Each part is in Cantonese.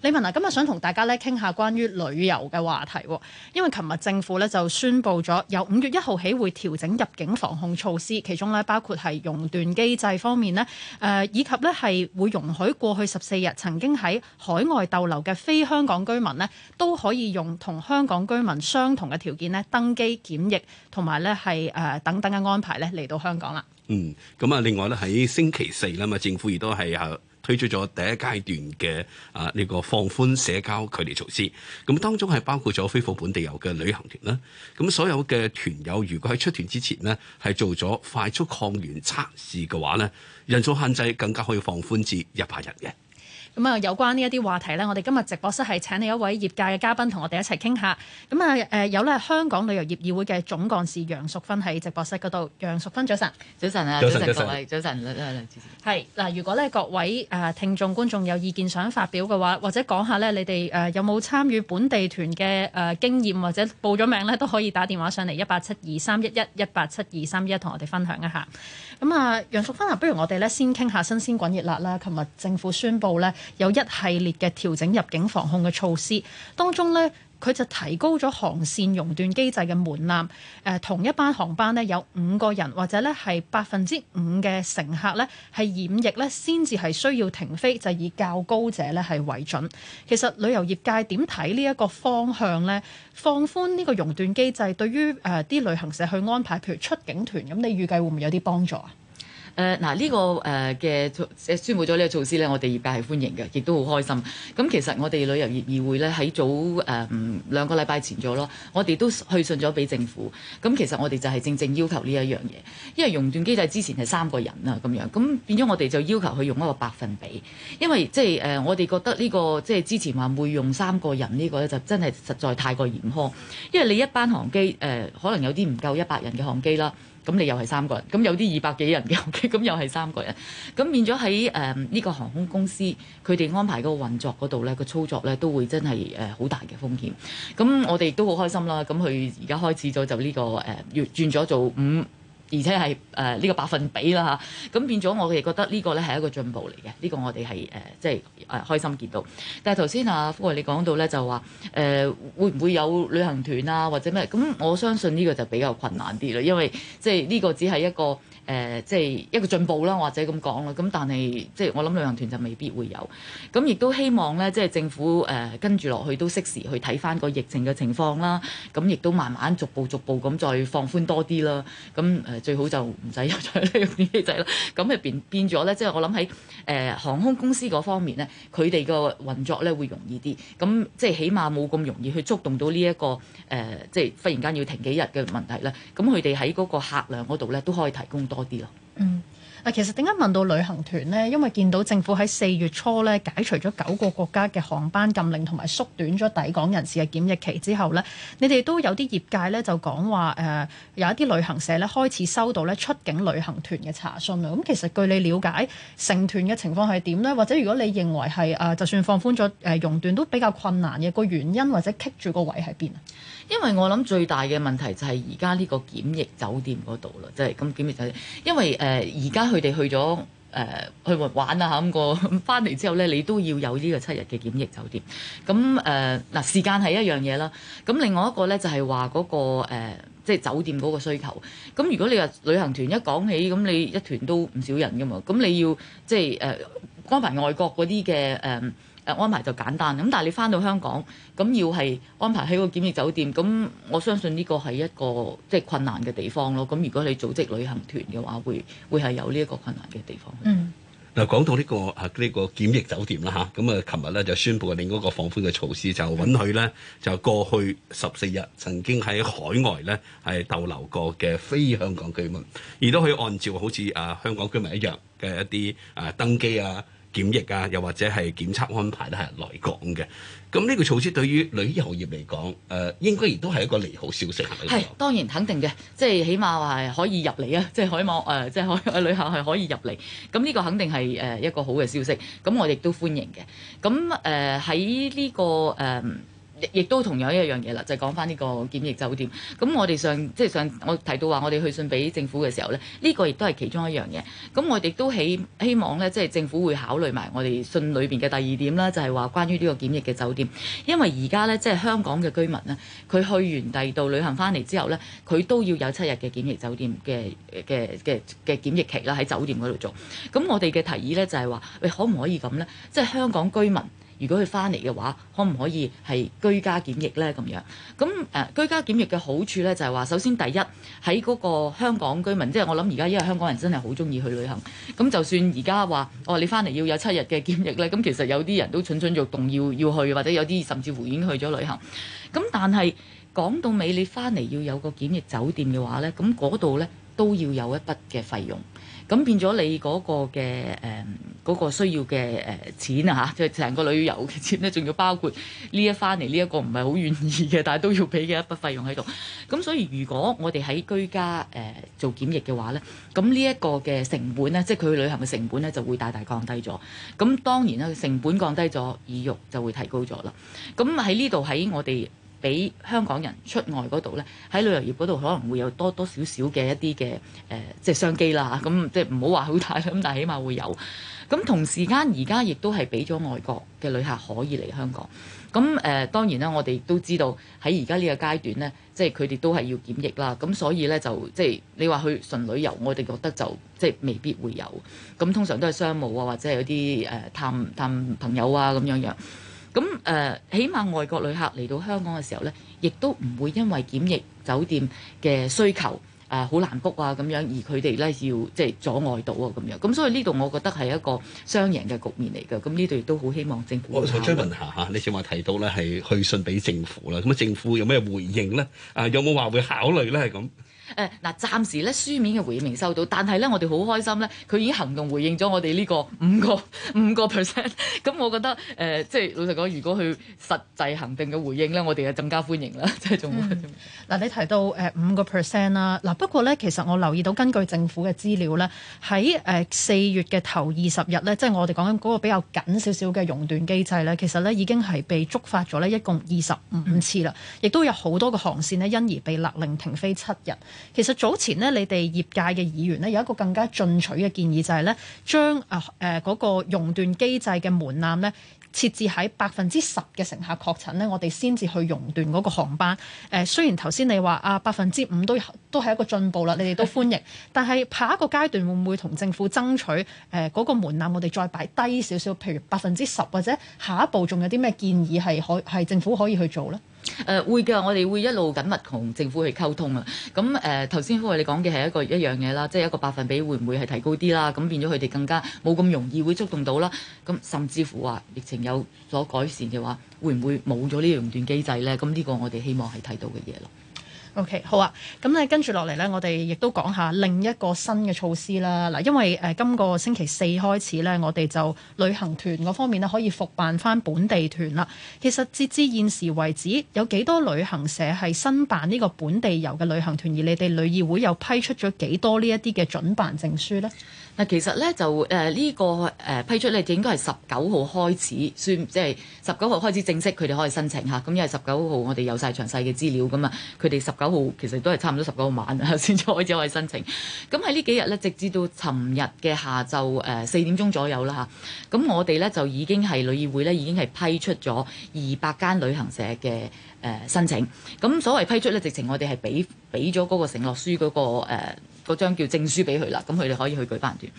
李文啊，今日想同大家咧傾下關於旅遊嘅話題，因為琴日政府咧就宣布咗由五月一號起會調整入境防控措施，其中咧包括係熔斷機制方面呢，誒、呃、以及咧係會容許過去十四日曾經喺海外逗留嘅非香港居民呢都可以用同香港居民相同嘅條件呢登機檢疫，同埋咧係誒等等嘅安排呢嚟到香港啦。嗯，咁啊，另外咧喺星期四啦嘛，政府亦都係啊。推出咗第一階段嘅啊呢個放寬社交距離措施，咁當中係包括咗恢復本地遊嘅旅行團啦。咁所有嘅團友如果喺出團之前呢，係做咗快速抗原測試嘅話呢，人數限制更加可以放寬至一百人嘅。咁、嗯、啊，有關呢一啲話題呢，我哋今日直播室係請嚟一位業界嘅嘉賓，同我哋一齊傾下。咁、嗯、啊，誒、呃、有咧香港旅遊業議會嘅總幹事楊淑芬喺直播室嗰度。楊淑芬，早晨！早晨啊，早晨各位，早晨，嚟係嗱、呃，如果咧各位誒、呃、聽眾觀眾有意見想發表嘅話，或者講下咧，你哋誒有冇參與本地團嘅誒、呃、經驗，或者報咗名呢，都可以打電話上嚟一八七二三一一一八七二三一，同187231我哋分享一下。咁、嗯、啊、呃，楊淑芬啊，不如我哋咧先傾下新鮮滾熱辣啦！琴日政府宣布咧。有一系列嘅調整入境防控嘅措施，當中呢，佢就提高咗航線熔斷機制嘅門檻。誒、呃、同一班航班呢，有五個人或者呢係百分之五嘅乘客呢，係染疫呢先至係需要停飛，就是、以較高者呢係為準。其實旅遊業界點睇呢一個方向呢？放寬呢個熔斷機制對於誒啲、呃、旅行社去安排，譬如出境團，咁你預計會唔會有啲幫助啊？誒嗱呢個誒嘅誒宣佈咗呢個措施咧，我哋業界係歡迎嘅，亦都好開心。咁、嗯、其實我哋旅遊業議會咧喺早誒兩、呃、個禮拜前咗咯，我哋都去信咗俾政府。咁、嗯、其實我哋就係正正要求呢一樣嘢，因為熔斷機制之前係三個人啦咁樣，咁變咗我哋就要求佢用一個百分比，因為即係誒我哋覺得呢、這個即係、就是、之前話會用三個人呢、這個咧就真係實在太過嚴苛，因為你一班航機誒、呃、可能有啲唔夠一百人嘅航機啦。咁你又係三個人，咁有啲二百幾人嘅，咁、okay，又係三個人，咁變咗喺誒呢個航空公司佢哋安排個運作嗰度呢個操作呢，都會真係好大嘅風險。咁我哋都好開心啦，咁佢而家開始咗就呢、呢個誒、呃、轉咗做五。而且係誒呢個百分比啦嚇，咁變咗我哋覺得呢個呢係一個進步嚟嘅，呢、這個我哋係誒即係誒開心見到。但係頭先阿福慧你講到呢，就話誒、呃、會唔會有旅行團啊或者咩？咁我相信呢個就比較困難啲啦，因為即係呢個只係一個誒即係一個進步啦，或者咁講啦。咁但係即係我諗旅行團就未必會有。咁亦都希望呢，即、就、係、是、政府誒、呃、跟住落去都適時去睇翻個疫情嘅情況啦。咁亦都慢慢逐步逐步咁再放寬多啲啦。咁誒。呃最好就唔使有咗呢啲機制啦，咁入邊變咗咧，即係、就是、我諗喺誒航空公司嗰方面咧，佢哋個運作咧會容易啲，咁即係起碼冇咁容易去觸動到呢、這、一個誒，即、呃、係、就是、忽然間要停幾日嘅問題啦。咁佢哋喺嗰個客量嗰度咧，都可以提供多啲咯。嗯。啊，其實點解問到旅行團呢？因為見到政府喺四月初咧解除咗九個國家嘅航班禁令，同埋縮短咗抵港人士嘅檢疫期之後咧，你哋都有啲業界咧就講話誒有一啲旅行社咧開始收到咧出境旅行團嘅查詢啊。咁其實據你了解，成團嘅情況係點呢？或者如果你認為係啊、呃，就算放寬咗誒熔斷都比較困難嘅個原因，或者棘住個位喺邊啊？因為我諗最大嘅問題就係而家呢個檢疫酒店嗰度喇，即係咁檢疫酒店，因為誒而家佢哋去咗誒、呃、去玩啊嚇咁個，翻嚟之後咧你都要有呢個七日嘅檢疫酒店。咁誒嗱時間係一樣嘢啦。咁另外一個咧就係話嗰個即係、呃就係、酒店嗰個需求。咁如果你話旅行團一講起，咁你一團都唔少人噶嘛。咁你要即係誒光憑外國嗰啲嘅誒。呃誒安排就簡單，咁但係你翻到香港，咁要係安排喺個檢疫酒店，咁我相信呢個係一個即係、就是、困難嘅地方咯。咁如果你組織旅行團嘅話，會會係有呢一個困難嘅地方。嗱、嗯，講到呢、這個啊呢、這個檢疫酒店啦嚇，咁啊，琴日咧就宣布另一個放寬嘅措施，就允許咧就過去十四日曾經喺海外咧係逗留過嘅非香港居民，而都可以按照好似啊香港居民一樣嘅一啲啊登機啊。檢疫啊，又或者係檢測安排都係來港嘅，咁呢個措施對於旅遊業嚟講，誒、呃、應該亦都係一個利好消息。係，當然肯定嘅，即係起碼話可以入嚟啊！即係海網誒、呃，即係海，海，海旅客係可以入嚟，咁呢個肯定係誒、呃、一個好嘅消息，咁我亦都歡迎嘅。咁誒喺呢個誒。呃亦都同樣一樣嘢啦，就係講翻呢個檢疫酒店。咁我哋上即係上，我提到話我哋去信俾政府嘅時候咧，呢個亦都係其中一樣嘢。咁我哋都希希望咧，即係政府會考慮埋我哋信裏邊嘅第二點啦，就係話關於呢個檢疫嘅酒店，因為而家咧即係香港嘅居民咧，佢去完第二度旅行翻嚟之後咧，佢都要有七日嘅檢疫酒店嘅嘅嘅嘅檢疫期啦，喺酒店嗰度做。咁我哋嘅提議咧就係話，喂，可唔可以咁咧？即係香港居民。如果佢翻嚟嘅話，可唔可以係居家檢疫呢？咁樣咁誒、呃，居家檢疫嘅好處呢，就係、是、話首先第一，喺嗰個香港居民，即、就、係、是、我諗而家因為香港人真係好鍾意去旅行，咁就算而家話哦，你翻嚟要有七日嘅檢疫呢，咁其實有啲人都蠢蠢欲動要要去，或者有啲甚至乎已經去咗旅行。咁但係講到尾，你翻嚟要有個檢疫酒店嘅話那那裡呢，咁嗰度呢都要有一筆嘅費用。咁變咗你嗰個嘅誒嗰個需要嘅誒錢啊，嚇，即係成個旅遊嘅錢咧，仲要包括呢一返嚟呢一個唔係好願意嘅，但係都要俾嘅一筆費用喺度。咁所以如果我哋喺居家誒、呃、做檢疫嘅話咧，咁呢一個嘅成本咧，即係佢去旅行嘅成本咧，就會大大降低咗。咁當然啦，成本降低咗，意欲就會提高咗啦。咁喺呢度喺我哋。俾香港人出外嗰度呢，喺旅遊業嗰度可能會有多多少少嘅一啲嘅誒，即係商機啦。咁、嗯、即係唔好話好大，咁但係起碼會有。咁、嗯、同時間而家亦都係俾咗外國嘅旅客可以嚟香港。咁、嗯、誒、呃、當然啦，我哋都知道喺而家呢個階段呢，即係佢哋都係要檢疫啦。咁、嗯、所以呢，就即係你話去純旅遊，我哋覺得就即係未必會有。咁、嗯、通常都係商務啊，或者係有啲誒、呃、探探朋友啊咁樣，樣樣。咁誒，起碼外國旅客嚟到香港嘅時候呢，亦都唔會因為檢疫酒店嘅需求、呃、啊，好難 book 啊咁樣，而佢哋呢要即係阻礙到啊咁樣。咁所以呢度我覺得係一個雙贏嘅局面嚟嘅。咁呢度亦都好希望政府。我想追問下嚇你小話提到呢係去信俾政府啦，咁啊政府有咩回應呢？啊有冇話會考慮呢？係咁。誒、呃、嗱，暫時咧書面嘅回應未收到，但係咧我哋好開心咧，佢已經行動回應咗我哋呢個五個五個 percent。咁、 嗯、我覺得誒、呃，即係老實講，如果佢實際行動嘅回應咧，我哋係更加歡迎啦，即係仲。嗱、嗯呃、你提到誒五個 percent 啦，嗱不過咧其實我留意到根據政府嘅資料咧，喺誒四月嘅頭二十日咧，即係我哋講緊嗰個比較緊少少嘅熔斷機制咧，其實咧已經係被觸發咗咧，一共二十五次啦，亦都有好多個航線咧因而被勒令停飛七日。其實早前呢，你哋業界嘅議員呢，有一個更加進取嘅建議，就係呢：將啊誒嗰個熔斷機制嘅門檻呢，設置喺百分之十嘅乘客確診呢，我哋先至去熔斷嗰個航班。誒、呃、雖然頭先你話啊百分之五都都係一個進步啦，你哋都歡迎。是但係下一個階段會唔會同政府爭取誒嗰、呃那個門檻，我哋再擺低少少，譬如百分之十或者下一步仲有啲咩建議係可係政府可以去做呢？誒、呃、會㗎，我哋會一路緊密同政府去溝通啊。咁誒頭先科委你講嘅係一個一樣嘢啦，即係一個百分比會唔會係提高啲啦？咁變咗佢哋更加冇咁容易會觸動到啦。咁甚至乎話疫情有所改善嘅話，會唔會冇咗呢個熔斷機制呢？咁呢個我哋希望係睇到嘅嘢咯。O.K. 好啊，咁咧跟住落嚟呢，我哋亦都講下另一個新嘅措施啦。嗱，因為、呃、今個星期四開始呢，我哋就旅行團嗰方面可以復辦翻本地團啦。其實截至現時為止，有幾多旅行社係申辦呢個本地遊嘅旅行團？而你哋旅議會又批出咗幾多呢一啲嘅準辦證書呢？嗱，其實呢，就誒呢、呃這個、呃、批出咧，應該係十九號開始算，即係十九號開始正式佢哋可以申請嚇。咁因為十九號我哋有晒詳細嘅資料噶啊。佢哋十。九號其實都係差唔多十九號晚啊，先再開始可以申請。咁喺呢幾日呢，直至到尋日嘅下晝誒四點鐘左右啦嚇。咁我哋呢，就已經係旅議會呢已經係批出咗二百間旅行社嘅誒、呃、申請。咁所謂批出呢，直情我哋係俾俾咗嗰個承諾書嗰、嗰個、呃嗰張叫證書俾佢啦，咁佢哋可以去舉辦團。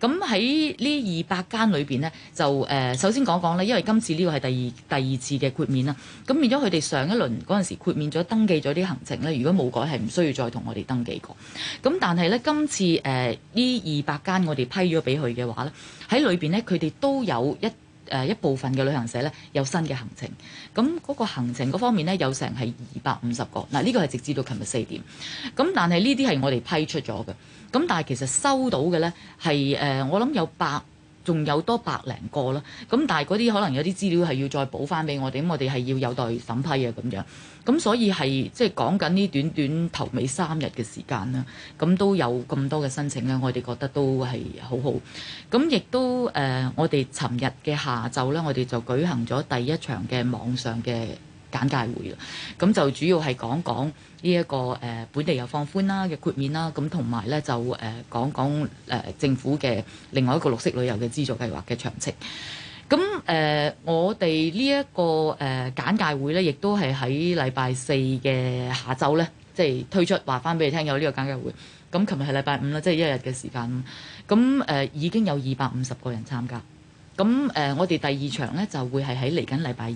咁喺呢二百間裏面呢，就、呃、首先講講呢，因為今次呢個係第二第二次嘅豁免啦。咁變咗佢哋上一輪嗰陣時豁免咗登記咗啲行程呢，如果冇改係唔需要再同我哋登記過。咁但係呢，今次呃、呢二百間我哋批咗俾佢嘅話呢，喺裏面呢，佢哋都有一，誒一部分嘅旅行社呢，有新嘅行程，咁嗰個行程嗰方面呢，有成係二百五十個，嗱呢個係直至到琴日四點，咁但係呢啲係我哋批出咗嘅，咁但係其實收到嘅呢，係誒我諗有百。仲有多百零個啦，咁但係嗰啲可能有啲資料係要再補翻俾我哋，咁我哋係要有待審批啊咁樣，咁所以係即係講緊呢短短頭尾三日嘅時間啦，咁都有咁多嘅申請咧，我哋覺得都係好好，咁亦都誒、呃，我哋尋日嘅下晝咧，我哋就舉行咗第一場嘅網上嘅。簡介會啦，咁就主要係講講呢、這、一個誒、呃、本地又放寬啦嘅豁免啦，咁同埋咧就誒、呃、講講誒、呃、政府嘅另外一個綠色旅遊嘅資助計劃嘅詳情。咁誒、呃、我哋呢一個誒、呃、簡介會咧，亦都係喺禮拜四嘅下晝咧，即、就、係、是、推出話翻俾你聽有呢個簡介會。咁琴日係禮拜五啦，即、就、係、是、一日嘅時間。咁誒、呃、已經有二百五十個人參加。咁誒、呃、我哋第二場咧就會係喺嚟緊禮拜二。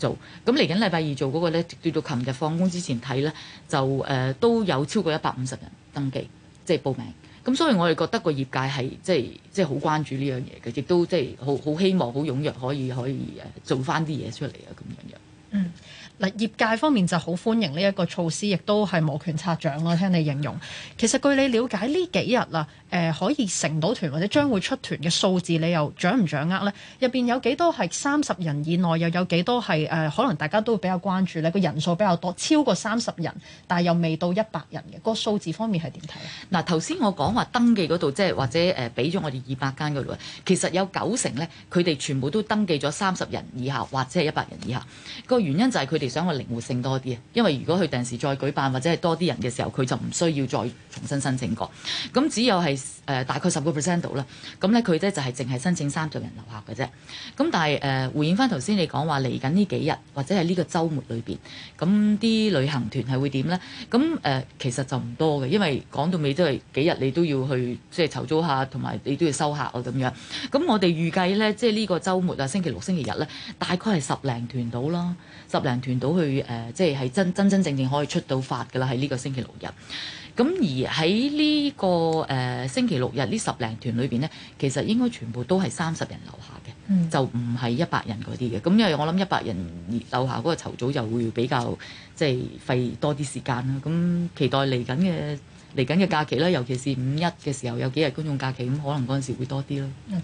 做咁嚟緊禮拜二做嗰個呢，對到到琴日放工之前睇呢，就誒都有超過一百五十人登記，即係報名。咁所以我哋覺得個業界係即係即係好關注呢樣嘢嘅，亦都即係好好希望好踴躍可以可以誒做翻啲嘢出嚟啊咁樣樣。嗯。嗱，業界方面就好歡迎呢一個措施，亦都係摩拳擦掌咯。聽你形容，其實據你了解呢幾日啦，誒、呃、可以成到團或者將會出團嘅數字，你又掌握唔掌握呢？入邊有幾多係三十人以內，又有幾多係誒、呃、可能大家都會比較關注呢，個人數比較多，超過三十人，但係又未到一百人嘅、嗰個數字方面係點睇？嗱，頭先我講話登記嗰度，即係或者誒俾咗我哋二百間嗰度，其實有九成呢，佢哋全部都登記咗三十人以下或者係一百人以下。個原因就係佢哋想個靈活性多啲啊，因為如果佢定時再舉辦或者係多啲人嘅時候，佢就唔需要再重新申請過。咁只有係誒、呃、大概十個 percent 度啦。咁咧佢咧就係淨係申請三十人留下嘅啫。咁但係誒、呃、回應翻頭先你講話嚟緊呢幾日或者係呢個週末裏邊，咁啲旅行團係會點咧？咁誒、呃、其實就唔多嘅，因為講到尾都係幾日，你都要去即係籌租下，同埋你都要收客啊咁樣。咁我哋預計咧，即係呢個週末啊，星期六、星期日咧，大概係十零團到啦。十零團到去誒、呃，即係係真真真正正可以出到發㗎啦，喺呢個星期六日。咁而喺呢、這個誒、呃、星期六日呢十零團裏邊呢，其實應該全部都係三十人樓下嘅，嗯，就唔係一百人嗰啲嘅。咁因為我諗一百人樓下嗰個籌組就會比較即係、就是、費多啲時間啦。咁期待嚟緊嘅嚟緊嘅假期啦，尤其是五一嘅時候有幾日公眾假期，咁可能嗰陣時會多啲咯。Okay.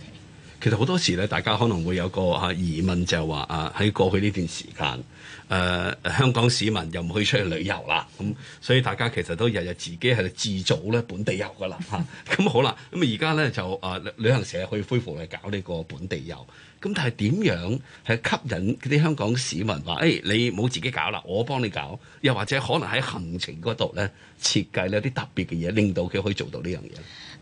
其實好多時咧，大家可能會有個啊疑問，就係話啊喺過去呢段時間。誒、呃、香港市民又唔可以出去旅遊啦，咁所以大家其實都日日自己喺度自組咧本地遊噶啦嚇。咁、 啊、好啦，咁而家咧就誒、呃、旅行社可以恢復嚟搞呢個本地遊。咁但係點樣係吸引啲香港市民話誒、哎、你冇自己搞啦，我幫你搞，又或者可能喺行程嗰度咧設計呢啲特別嘅嘢，令到佢可以做到呢樣嘢。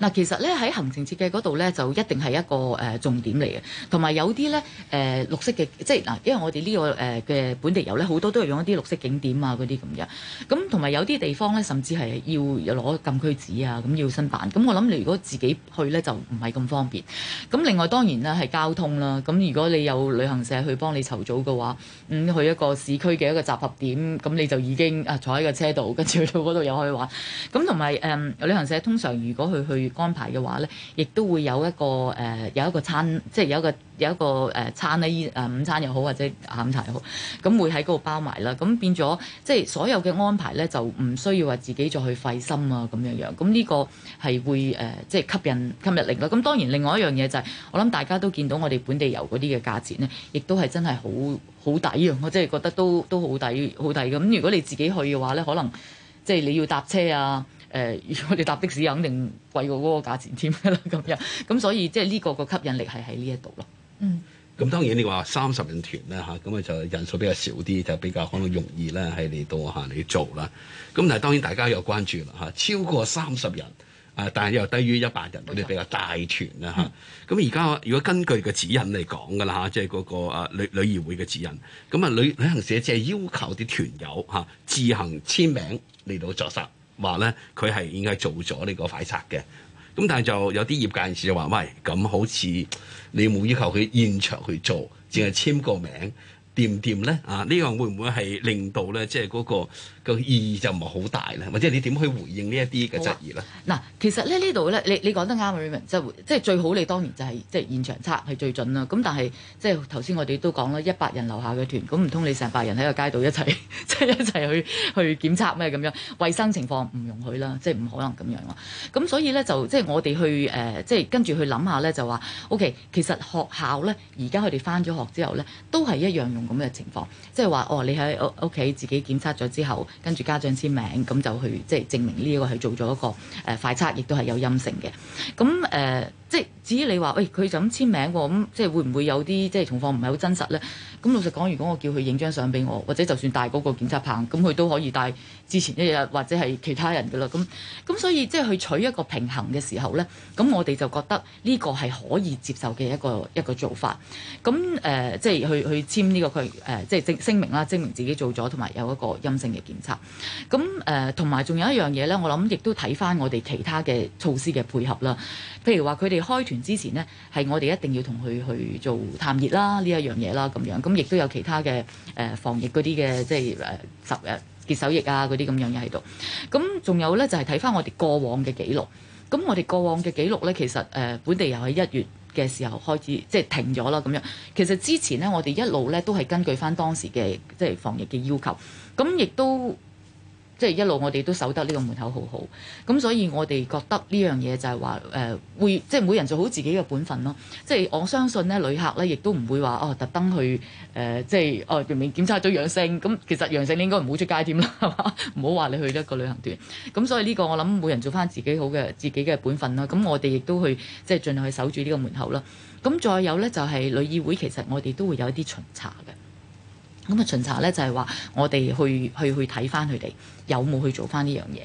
嗱，其實咧喺行程設計嗰度咧就一定係一個誒、呃、重點嚟嘅，同埋有啲咧誒綠色嘅，即係嗱，因為我哋呢、這個誒嘅、呃、本地遊。好多都係用一啲綠色景點啊，嗰啲咁樣。咁同埋有啲地方咧，甚至係要攞禁區紙啊，咁要申辦。咁我諗你如果自己去咧，就唔係咁方便。咁另外當然啦，係交通啦。咁如果你有旅行社去幫你籌組嘅話，咁、嗯、去一個市區嘅一個集合點，咁你就已經啊坐喺個車度，跟住去到嗰度又可以玩。咁同埋誒旅行社通常如果佢去安排嘅話咧，亦都會有一個誒、呃、有一個餐，即、就、係、是、有一個。有一個誒餐咧，誒午餐又好或者下午茶又好，咁會喺嗰度包埋啦。咁變咗即係所有嘅安排咧，就唔需要話自己再去費心啊咁樣樣。咁呢個係會誒即係吸引吸引力咯。咁當然另外一樣嘢就係，我諗大家都見到我哋本地遊嗰啲嘅價錢咧，亦都係真係好好抵啊！我真係覺得都都好抵好抵嘅。咁如果你自己去嘅話咧，可能即係你要搭車啊，誒，如果你搭的士肯定貴過嗰個價錢添啦。咁樣咁所以即係呢個個吸引力係喺呢一度咯。咁、嗯、當然你話三十人團咧嚇，咁啊就人數比較少啲，就比較可能容易咧喺嚟度嚇嚟做啦。咁但係當然大家有關注啦嚇、啊，超過三十人啊，但係又低於一百人嗰啲比較大團啦嚇。咁而家如果根據個指引嚟講噶啦嚇，即係嗰個啊旅旅議會嘅指引，咁啊旅旅行社只係要求啲團友嚇、啊、自行簽名嚟到作實，話咧佢係應該做咗呢個快測嘅。咁但就有啲業界人士就話：喂，咁好似你冇要求佢現場去做，淨係簽個名。掂唔掂咧？啊，呢個會唔會係令到咧，即係嗰、個個意義就唔係好大咧？或者你點去回應呢一啲嘅質疑咧？嗱、啊，其實咧呢度咧，你你講得啱 Raymond 即係最好。你當然就係即係現場測係最準啦。咁但係即係頭先我哋都講啦，一百人留下嘅團，咁唔通你成百人喺個街度一齊即係一齊去去檢測咩咁樣？衛生情況唔容許啦，即係唔可能咁樣咁，所以咧就即係我哋去誒，即係跟住去諗下咧，就話 O K，其實學校咧而家佢哋翻咗學之後咧，都係一樣用。」咁嘅情況，即係話，哦，你喺屋屋企自己檢測咗之後，跟住家長簽名，咁就去即係證明呢個係做咗一個誒快測，亦都係有陰性嘅，咁誒。呃即係至於你話，喂、欸，佢就咁簽名喎，咁即係會唔會有啲即係情況唔係好真實呢？咁老實講，如果我叫佢影張相俾我，或者就算帶嗰個檢測棒，咁佢都可以帶之前一日或者係其他人嘅啦。咁咁所以即係去取一個平衡嘅時候呢，咁我哋就覺得呢個係可以接受嘅一個一個做法。咁誒、呃，即係去去簽呢、呢個佢誒、呃，即係證聲明啦，證明自己做咗同埋有一個陰性嘅檢測。咁誒，同埋仲有一樣嘢呢，我諗亦都睇翻我哋其他嘅措施嘅配合啦。譬如話佢哋。開團之前呢，係我哋一定要同佢去做探熱啦，呢一樣嘢啦，咁樣咁亦都有其他嘅誒、呃、防疫嗰啲嘅，即係誒、呃、守誒潔手液啊嗰啲咁樣嘢喺度。咁仲有呢，就係睇翻我哋過往嘅記錄。咁我哋過往嘅記錄呢，其實誒、呃、本地又喺一月嘅時候開始即係停咗啦，咁樣。其實之前呢，我哋一路呢，都係根據翻當時嘅即係防疫嘅要求，咁亦都。即係一路我哋都守得呢個門口好好，咁所以我哋覺得呢樣嘢就係話、呃、會，即係每人做好自己嘅本分咯。即係我相信咧，旅客咧亦都唔會話哦，特登去、呃、即係哦，明明檢查咗陽性，咁、嗯、其實陽性你應該唔好出街添啦，係嘛，唔好話你去一個旅行團。咁所以呢個我諗每人做翻自己好嘅自己嘅本分啦。咁我哋亦都去即係盡量去守住呢個門口啦。咁再有咧就係、是、旅議會，其實我哋都會有一啲巡查嘅。咁啊巡查咧就係話我哋去去去睇翻佢哋有冇去做翻呢樣嘢，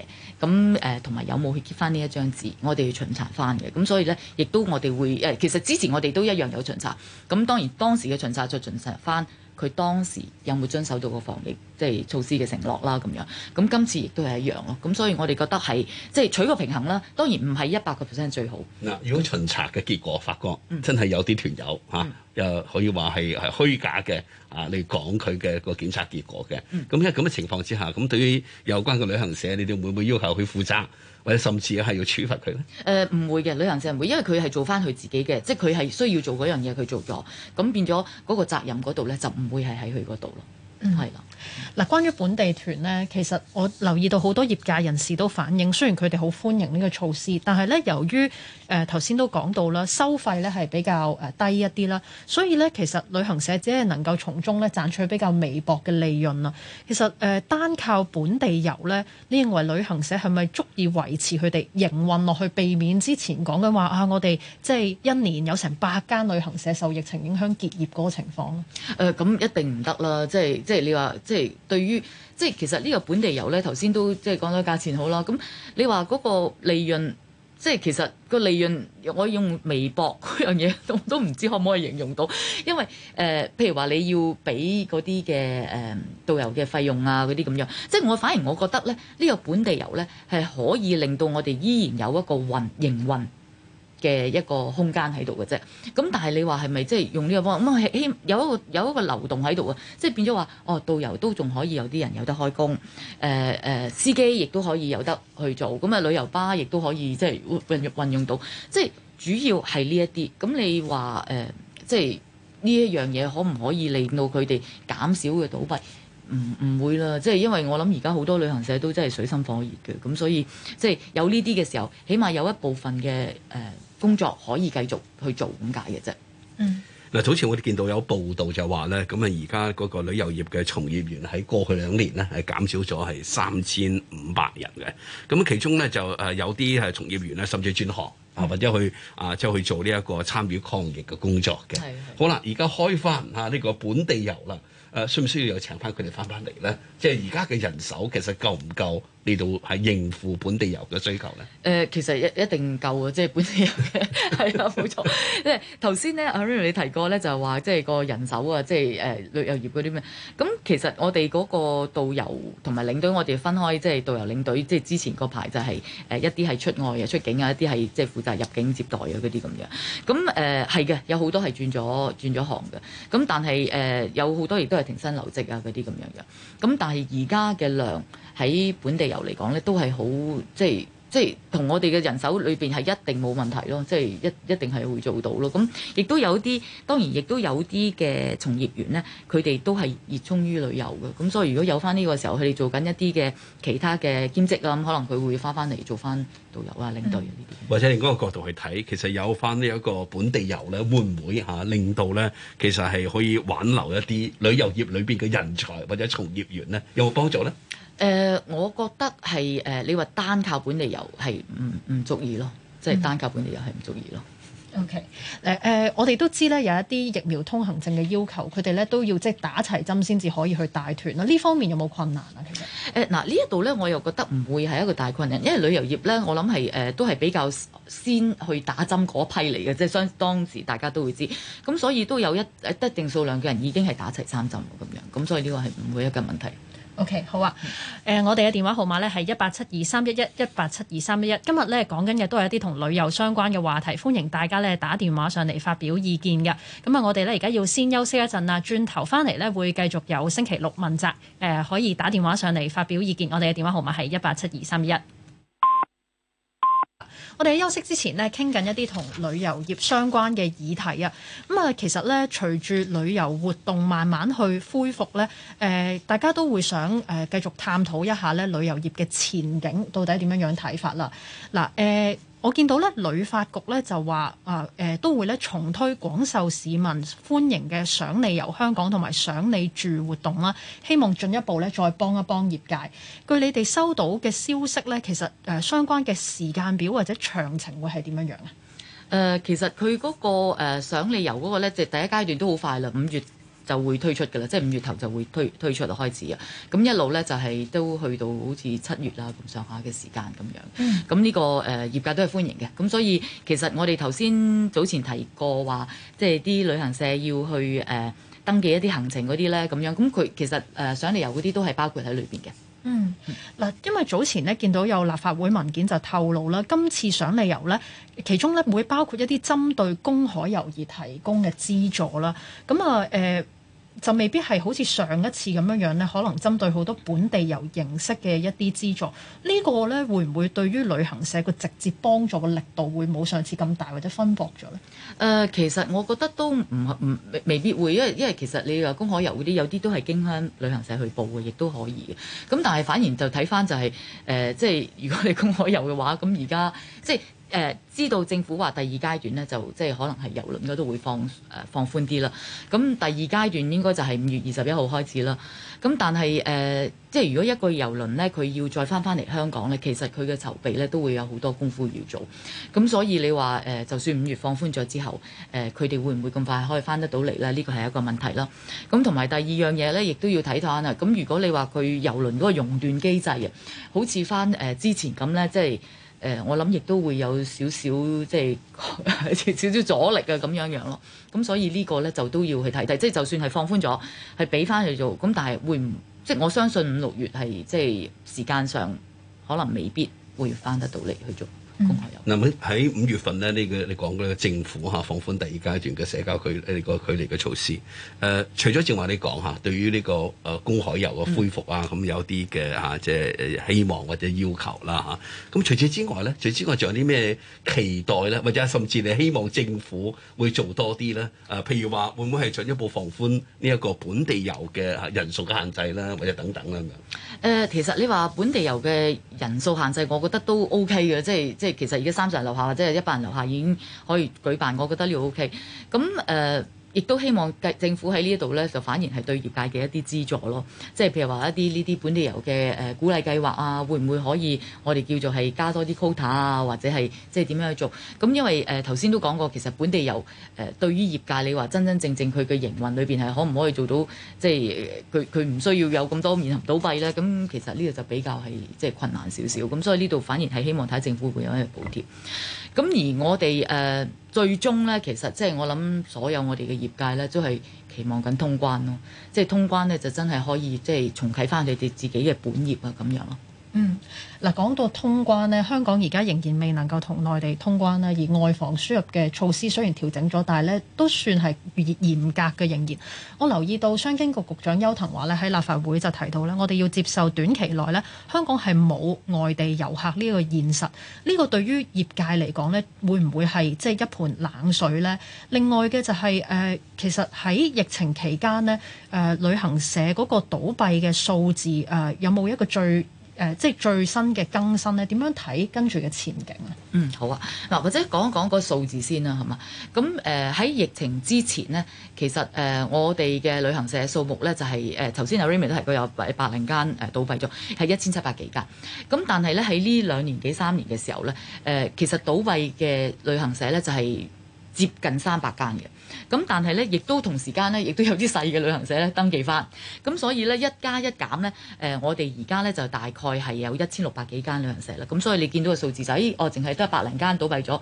咁誒同埋有冇去 keep 翻呢一張紙，我哋要巡查翻嘅。咁所以咧亦都我哋會誒，其實之前我哋都一樣有巡查，咁當然當時嘅巡查就巡查翻。佢當時有冇遵守到個防疫即係措施嘅承諾啦？咁樣咁今次亦都係一樣咯。咁所以我哋覺得係即係取個平衡啦。當然唔係一百個 percent 最好嗱。如果巡查嘅結果發覺、嗯、真係有啲團友嚇、啊嗯、又可以話係係虛假嘅啊，你講佢嘅個檢查結果嘅咁，喺咁嘅情況之下，咁對於有關嘅旅行社，你哋會唔會要求佢負責？甚至係要處罰佢咧？誒、呃、唔會嘅，旅行社唔會，因為佢係做翻佢自己嘅，即係佢係需要做嗰樣嘢，佢做咗，咁變咗嗰個責任嗰度咧，就唔會係喺佢嗰度咯，嗯，係啦。嗱、啊，關於本地團呢，其實我留意到好多業界人士都反映，雖然佢哋好歡迎呢個措施，但係呢，由於誒頭先都講到啦，收費呢係比較誒低一啲啦，所以呢，其實旅行社只係能夠從中呢賺取比較微薄嘅利潤啦。其實誒、呃、單靠本地遊呢，你認為旅行社係咪足以維持佢哋營運落去，避免之前講嘅話啊，我哋即係一年有成百間旅行社受疫情影響結業嗰個情況咧？咁、呃、一定唔得啦，即係即係你話。即係對於即係其實呢個本地遊咧，頭先都即係講咗價錢好啦。咁你話嗰個利潤，即係其實個利潤，我用微博嗰樣嘢，我都唔知可唔可以形容到，因為誒、呃，譬如話你要俾嗰啲嘅誒導遊嘅費用啊，嗰啲咁樣。即係我反而我覺得咧，呢個本地遊咧係可以令到我哋依然有一個運營運嘅一個空間喺度嘅啫，咁但係你話係咪即係用呢個方法咁係有一個有一個流動喺度啊，即係變咗話哦，導遊都仲可以有啲人有得開工，誒誒，司機亦都可以有得去做，咁啊旅遊巴亦都可以即係運運用到，即係主要係呢一啲，咁你話誒，即係呢一樣嘢可唔可以令到佢哋減少嘅倒閉？唔唔會啦，即係因為我諗而家好多旅行社都真係水深火熱嘅，咁所以即係有呢啲嘅時候，起碼有一部分嘅誒工作可以繼續去做咁解嘅啫。嗯，嗱早前我哋見到有報道就話咧，咁啊而家嗰個旅遊業嘅從業員喺過去兩年咧係減少咗係三千五百人嘅，咁其中咧就誒有啲係從業員咧甚至轉行啊或者去啊即係去做呢一個參與抗疫嘅工作嘅。係係。好啦，而家開翻啊呢個本地遊啦。誒、啊、需唔需要又請返佢哋返返嚟咧？即係而家嘅人手其實夠唔夠？呢度係應付本地遊嘅需求咧。誒、呃，其實一一定夠啊，即係本地遊嘅係啦，冇 錯。因為頭先咧，阿 r a y 你提過咧，就係話即係個人手啊，即係誒旅遊業嗰啲咩咁。其實我哋嗰個導遊同埋領隊，我哋分開，即係導遊領隊。即係之前嗰排就係、是、誒、呃、一啲係出外嘅、出境啊，一啲係即係負責入境接待啊嗰啲咁樣。咁誒係嘅，有好多係轉咗轉咗行嘅。咁但係誒、呃、有好多亦都係停薪留職啊嗰啲咁樣嘅。咁但係而家嘅量。喺本地遊嚟講咧，都係好即係即係同我哋嘅人手裏邊係一定冇問題咯，即係一一定係會做到咯。咁亦都有啲當然，亦都有啲嘅從業員咧，佢哋都係熱衷於旅遊嘅。咁所以如果有翻呢個時候，佢哋做緊一啲嘅其他嘅兼職啊，咁可能佢會翻翻嚟做翻導遊啊、領隊呢啲。或者另一個角度去睇，其實有翻呢一個本地遊咧，會唔會嚇、啊、令到咧？其實係可以挽留一啲旅遊業裏邊嘅人才或者從業員咧，有冇幫助咧？誒、呃，我覺得係誒、呃，你話單靠本地遊係唔唔足以咯，即、就、係、是、單靠本地遊係唔足以咯。O K，誒誒，我哋都知咧有一啲疫苗通行證嘅要求，佢哋咧都要即係打齊針先至可以去帶團啦。呢方面有冇困難啊？其實誒，嗱，呢一度咧，我又覺得唔會係一個大困難，因為旅遊業咧，我諗係誒都係比較先去打針嗰批嚟嘅，即係相當時大家都會知，咁所以都有一一定數量嘅人已經係打齊三針咁樣，咁所以呢個係唔會一個問題。OK，好啊。呃、我哋嘅電話號碼咧係 187231, 一八七二三一一一八七二三一一。今日咧講緊嘅都係一啲同旅遊相關嘅話題，歡迎大家咧打電話上嚟發表意見嘅。咁啊，我哋咧而家要先休息一陣啦，轉頭翻嚟咧會繼續有星期六問責，呃、可以打電話上嚟發表意見。我哋嘅電話號碼係一八七二三一。我哋休息之前呢，傾緊一啲同旅遊業相關嘅議題啊。咁啊，其實呢，隨住旅遊活動慢慢去恢復呢，呃，大家都會想誒繼、呃、續探討一下呢旅遊業嘅前景到底點樣樣睇法啦。嗱，呃，我見到咧，旅發局咧就話啊誒都會咧重推廣受市民歡迎嘅賞你遊香港同埋賞你住活動啦，希望進一步咧再幫一幫業界。據你哋收到嘅消息咧，其實誒、呃、相關嘅時間表或者詳情會係點樣樣啊？誒、呃，其實佢嗰、那個誒、呃、賞你遊嗰個咧，即、就是、第一階段都好快啦，五月。就會推出嘅啦，即係五月頭就會推推出開始啊！咁一路呢，就係、是、都去到好似七月啦咁上下嘅時間咁樣。咁呢、這個誒、呃、業界都係歡迎嘅。咁所以其實我哋頭先早前提過話，即係啲旅行社要去誒、呃、登記一啲行程嗰啲呢，咁樣咁佢其實誒上嚟遊嗰啲都係包括喺裏邊嘅。嗯，嗱、嗯，因為早前呢見到有立法會文件就透露啦，今次上嚟遊呢，其中呢會包括一啲針對公海遊而提供嘅資助啦。咁啊誒、呃就未必係好似上一次咁樣樣咧，可能針對好多本地遊形式嘅一啲資助，呢、這個呢會唔會對於旅行社個直接幫助嘅力度會冇上次咁大，或者分薄咗呢？誒、呃，其實我覺得都唔唔未必會，因為因為其實你話公海遊嗰啲有啲都係經向旅行社去報嘅，亦都可以嘅。咁但係反而就睇返就係、是、誒、呃，即係如果你公海遊嘅話，咁而家即係。誒、呃、知道政府話第二階段咧就即係可能係郵輪咧都會放、呃、放寬啲啦，咁第二階段應該就係五月二十一號開始啦。咁但係、呃、即係如果一個郵輪咧佢要再翻翻嚟香港咧，其實佢嘅籌備咧都會有好多功夫要做。咁所以你話、呃、就算五月放寬咗之後，呃、佢哋會唔會咁快可以翻得到嚟咧？呢個係一個問題啦。咁同埋第二樣嘢咧，亦都要睇睇啊。咁如果你話佢郵輪嗰個熔斷機制啊，好似翻之前咁咧，即係。誒、呃，我諗亦都會有少少即係 少少阻力嘅，啊、咁樣樣咯。咁所以呢個呢，就都要去睇睇，即係就算係放寬咗，係俾翻佢做咁，但係會唔即係我相信五六月係即係時間上可能未必會翻得到嚟去做。公海遊嗱，喺、嗯、五月份咧，呢個你講嗰個政府嚇放寬第二階段嘅社交距誒個距離嘅措施。誒、呃，除咗正話你講嚇、啊，對於呢個誒公海遊嘅恢復、嗯、啊，咁有啲嘅嚇即係希望或者要求啦嚇。咁、啊、除此之外咧，除此之外仲有啲咩期待咧，或者甚至你希望政府會做多啲咧？誒、啊，譬如話會唔會係進一步放寬呢一個本地遊嘅人數嘅限制咧，或者等等啦咁樣？誒、呃，其實你話本地遊嘅人數限制，我覺得都 O K 嘅，即係即係。其實而家三十人樓下或者係一百人樓下已經可以舉辦。我覺得要 OK。咁誒。呃亦都希望計政府喺呢度呢，就反而係對業界嘅一啲資助咯。即係譬如話一啲呢啲本地遊嘅誒鼓勵計劃啊，會唔會可以我哋叫做係加多啲 quota 啊，或者係即係點樣去做？咁因為誒頭先都講過，其實本地遊誒、呃、對於業界你話真真正正佢嘅營運裏邊係可唔可以做到，即係佢佢唔需要有咁多面臨倒閉呢。咁其實呢度就比較係即係困難少少。咁所以呢度反而係希望睇政府會有個補貼。咁而我哋誒。呃最終呢，其實即係我諗，所有我哋嘅業界呢，都係期望緊通關咯。即係通關呢，就真係可以即係、就是、重啟翻你哋自己嘅本業啊，咁樣咯。嗯，嗱，講到通關呢，香港而家仍然未能夠同內地通關啦。而外防輸入嘅措施雖然調整咗，但係都算係嚴格嘅。仍然我留意到商經局局長邱騰華話呢，喺立法會就提到呢，我哋要接受短期內呢香港係冇外地遊客呢個個現實。呢、這個對於業界嚟講呢會唔會係即、就是、一盆冷水呢？另外嘅就係、是呃、其實喺疫情期間呢、呃、旅行社嗰個倒閉嘅數字誒、呃，有冇一個最？誒、呃，即係最新嘅更新咧，點樣睇跟住嘅前景啊？嗯，好啊，嗱，或者講一講個數字先啦，係嘛？咁誒喺疫情之前咧，其實誒、呃、我哋嘅旅行社的數目咧就係誒頭先阿 Raymi 都提過有百零間誒、呃、倒閉咗，係一千七百幾間。咁但係咧喺呢兩年幾三年嘅時候咧，誒、呃、其實倒閉嘅旅行社咧就係、是。接近三百間嘅，咁但係呢，亦都同時間呢，亦都有啲細嘅旅行社呢，登記翻，咁所以呢，一加一減呢，呃、我哋而家呢，就大概係有一千六百幾間旅行社啦，咁所以你見到個數字就咦，哦淨係得百零間倒閉咗，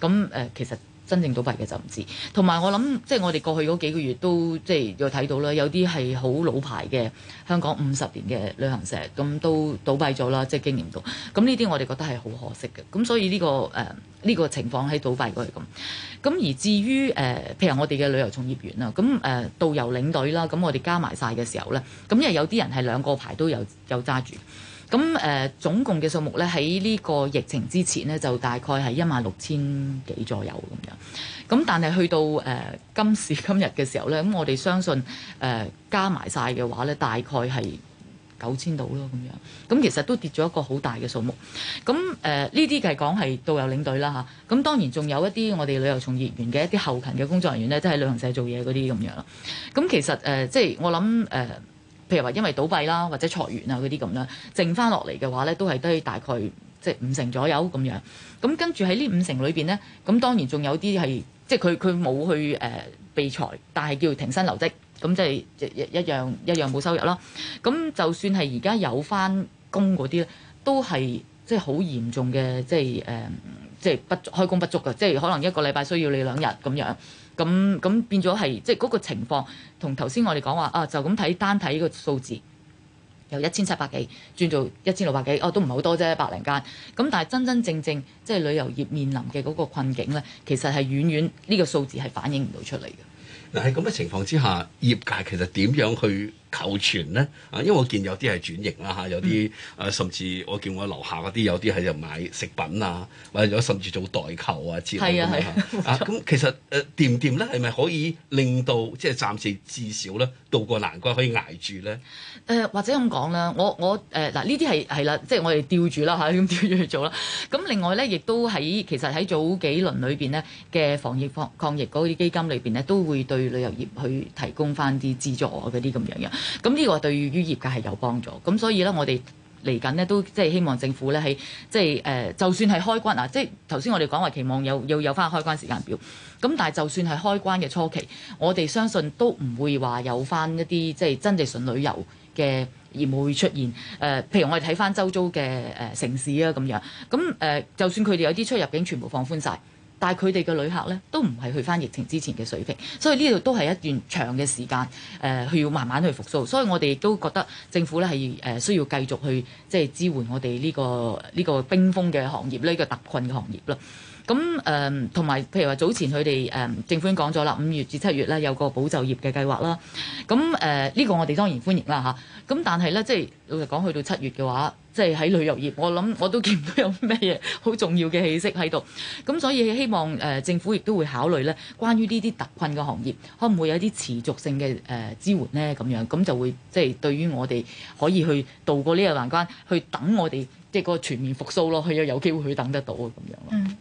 咁、嗯呃、其實。真正倒閉嘅就唔知道，同埋我諗即係我哋過去嗰幾個月都即係、就是、有睇到啦，有啲係好老牌嘅香港五十年嘅旅行社咁都倒閉咗啦，即、就、係、是、經營到咁呢啲，我哋覺得係好可惜嘅。咁所以呢、這個誒呢、呃這個情況喺倒閉嗰係咁咁。而至於誒、呃、譬如我哋嘅旅遊從業員啊，咁誒、呃、導遊領隊啦，咁我哋加埋晒嘅時候呢，咁因有啲人係兩個牌都有有揸住。咁誒、呃、總共嘅數目咧，喺呢個疫情之前呢，就大概係一萬六千幾左右咁樣。咁但係去到誒、呃、今時今日嘅時候咧，咁我哋相信誒、呃、加埋晒嘅話咧，大概係九千到咯咁樣。咁其實都跌咗一個好大嘅數目。咁誒呢啲就係講係導遊領隊啦嚇。咁當然仲有一啲我哋旅遊從業員嘅一啲後勤嘅工作人員咧，即、就、係、係、旅行社做嘢嗰啲咁樣啦。咁其實誒、呃、即係我諗誒。呃譬如話因為倒閉啦或者裁員啊嗰啲咁啦，剩翻落嚟嘅話咧，都係低大概即係五成左右咁樣。咁跟住喺呢五成裏邊咧，咁當然仲有啲係即係佢佢冇去誒被裁，但係叫停薪留職，咁即係一一樣一樣冇收入啦。咁就算係而家有翻工嗰啲咧，都係即係好嚴重嘅，即係誒、呃、即係不開工不足嘅，即係可能一個禮拜需要你兩日咁樣。咁咁變咗係即係嗰個情況，同頭先我哋講話啊，就咁睇單睇個數字由一千七百幾轉做一千六百幾，哦、啊、都唔係好多啫，百零間。咁但係真真正正即係、就是、旅遊業面臨嘅嗰個困境呢，其實係遠遠呢個數字係反映唔到出嚟嘅。嗱喺咁嘅情況之下，業界其實點樣去求存咧，啊，因為我見有啲係轉型啦嚇，有啲啊，甚至我見我樓下嗰啲有啲係又買食品啊，或者甚至做代購啊之類咁樣嚇。咁、啊啊、其實誒掂唔掂咧？係咪可以令到即係暫時至少咧渡過難關，可以捱住咧？誒、呃，或者咁講啦，我我誒嗱呢啲係係啦，即、呃、係、就係、我哋吊住啦嚇，咁吊住去做啦。咁另外咧，亦都喺其實喺早幾輪裏邊咧嘅防疫抗抗疫嗰啲基金裏邊咧，都會對旅遊業去提供翻啲資助啊嗰啲咁樣樣。咁呢個對於業界係有幫助，咁所以呢，我哋嚟緊呢都即係希望政府呢喺即係誒，就算係開關嗱，即係頭先我哋講話期望有要有翻開關時間表。咁但係就算係開關嘅初期，我哋相信都唔會話有翻一啲即係真正純旅遊嘅業務會出現。誒，譬如我哋睇翻周遭嘅誒城市啊，咁樣咁誒，就算佢哋有啲出入境全部放寬晒。但係佢哋嘅旅客呢，都唔係去翻疫情之前嘅水平，所以呢度都係一段長嘅時間，誒、呃，佢要慢慢去復甦，所以我哋亦都覺得政府呢，係誒需要繼續去即係、就是、支援我哋呢、這個呢、這個冰封嘅行業呢、這個特困嘅行業啦。咁誒，同、嗯、埋譬如話早前佢哋誒政府已經講咗啦，五月至七月咧有個保就業嘅計劃啦。咁誒呢個我哋當然歡迎啦嚇。咁、啊、但係咧，即係老實講，去到七月嘅話，即係喺旅遊業，我諗我都見唔到有咩嘢好重要嘅氣息喺度。咁所以希望誒政府亦都會考慮咧，關於呢啲特困嘅行業，可唔會有一啲持續性嘅誒支援咧？咁樣咁就會即係、就是、對於我哋可以去度過呢個難關，去等我哋即係個個全面復甦咯。佢又有機會去等得到啊咁樣咯。嗯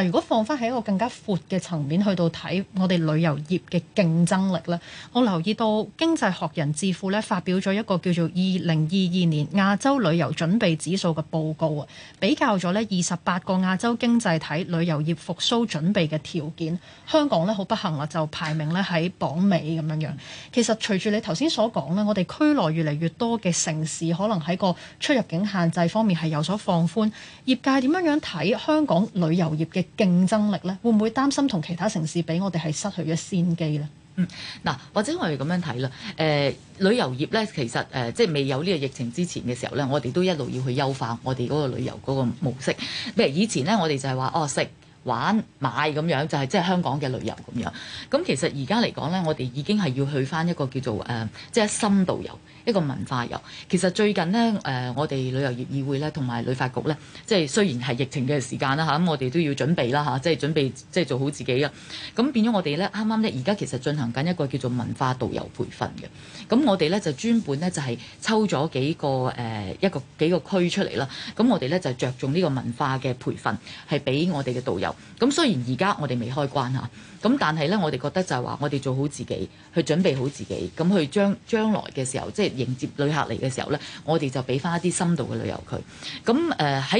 但如果放翻喺一個更加闊嘅層面去到睇我哋旅遊業嘅競爭力咧，我留意到經濟學人智庫咧發表咗一個叫做《二零二二年亞洲旅遊準備指數》嘅報告啊，比較咗呢二十八個亞洲經濟體旅遊業復甦準備嘅條件，香港咧好不幸啊，就排名咧喺榜尾咁樣樣。其實隨住你頭先所講呢，我哋區內越嚟越多嘅城市，可能喺個出入境限制方面係有所放寬，業界點樣樣睇香港旅遊業嘅？競爭力呢，會唔會擔心同其他城市比，我哋係失去咗先機呢？嗯，嗱，或者我哋咁樣睇啦，誒、呃、旅遊業呢，其實誒、呃、即係未有呢個疫情之前嘅時候呢，我哋都一路要去優化我哋嗰個旅遊嗰個模式。譬如以前呢，我哋就係話，哦，食、玩買，咁樣就係即係香港嘅旅遊咁樣，咁其實而家嚟講咧，我哋已經係要去翻一個叫做誒、呃、即係深度遊一個文化遊。其實最近咧，誒、呃、我哋旅遊業議會咧，同埋旅發局咧，即係雖然係疫情嘅時間啦吓，咁我哋都要準備啦吓、啊、即係準備即係做好自己啊，咁變咗我哋咧，啱啱咧而家其實進行緊一個叫做文化導遊培訓嘅。咁我哋咧就專門咧就係、是、抽咗幾個誒、呃、一個幾個區出嚟啦。咁我哋咧就着重呢個文化嘅培訓，係俾我哋嘅導遊。咁雖然而家我哋未開關吓。咁但係咧，我哋覺得就係話，我哋做好自己，去準備好自己，咁去將將來嘅時候，即係迎接旅客嚟嘅時候咧，我哋就俾翻一啲深度嘅旅遊區。咁喺、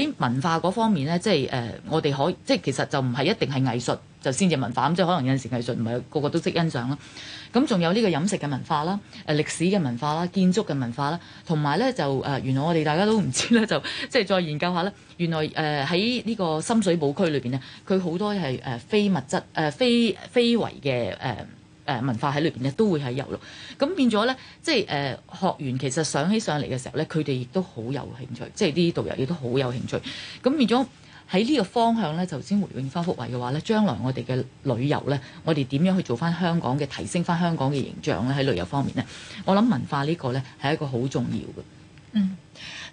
呃、文化嗰方面咧，即係、呃、我哋可即係其實就唔係一定係藝術就先至文化咁，即係可能有時藝術唔係個個都識欣賞啦。咁仲有呢個飲食嘅文化啦、呃、歷史嘅文化啦、建築嘅文化啦，同埋咧就、呃、原來我哋大家都唔知咧，就即係再研究下咧，原來喺呢、呃、個深水埗區裏面咧，佢好多係非物質誒、呃、非非遺嘅誒誒文化喺裏邊咧都會喺有咯，咁變咗咧即係誒、呃、學員其實想起上嚟嘅時候咧，佢哋亦都好有興趣，即係啲導遊亦都好有興趣。咁變咗喺呢個方向咧，頭先回應翻復位嘅話咧，將來我哋嘅旅遊咧，我哋點樣去做翻香港嘅提升翻香港嘅形象咧？喺旅遊方面咧，我諗文化呢個咧係一個好重要嘅。嗯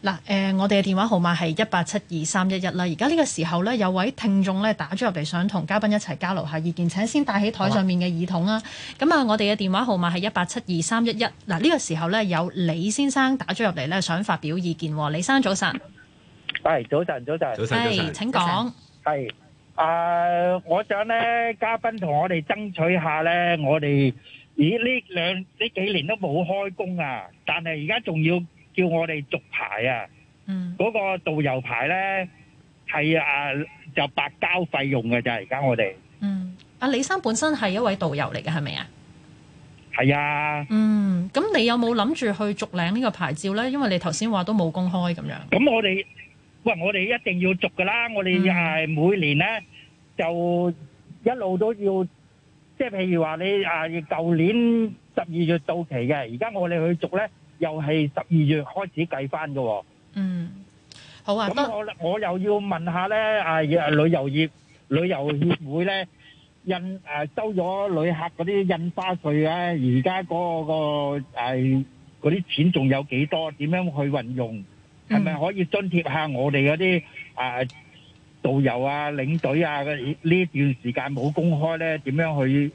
嗱，誒、呃，我哋嘅電話號碼係一八七二三一一啦。而家呢個時候呢，有位聽眾呢打咗入嚟，想同嘉賓一齊交流下意見，請先戴起台上面嘅耳筒啦。咁啊，我哋嘅電話號碼係一八七二三一一。嗱，呢個時候呢，有李先生打咗入嚟呢，想發表意見。李生早,早晨，係早晨早晨早晨，早晨請講。係，誒、呃，我想呢，嘉賓同我哋爭取一下呢。我哋咦呢兩呢幾年都冇開工啊，但係而家仲要。叫我哋續牌啊！嗰個導遊牌咧係啊，就白交費用嘅就係而家我哋。嗯，阿李生本身係一位導遊嚟嘅，係咪啊？係啊。嗯，咁你有冇諗住去續領呢個牌照咧？因為你頭先話都冇公開咁樣。咁我哋，喂，我哋一定要續噶啦！我哋係每年咧就一路都要，即係譬如話你啊，舊年十二月到期嘅，而家我哋去續咧。又係十二月開始計返㗎喎。嗯，好啊。咁我我又要問下咧，啊旅遊業旅遊議會咧印誒收咗旅客嗰啲印花稅咧，而家嗰個個誒嗰啲錢仲有幾多？點樣去運用？係咪可以津貼下我哋嗰啲啊導遊啊領隊啊？呢段時間冇公開咧，點樣去？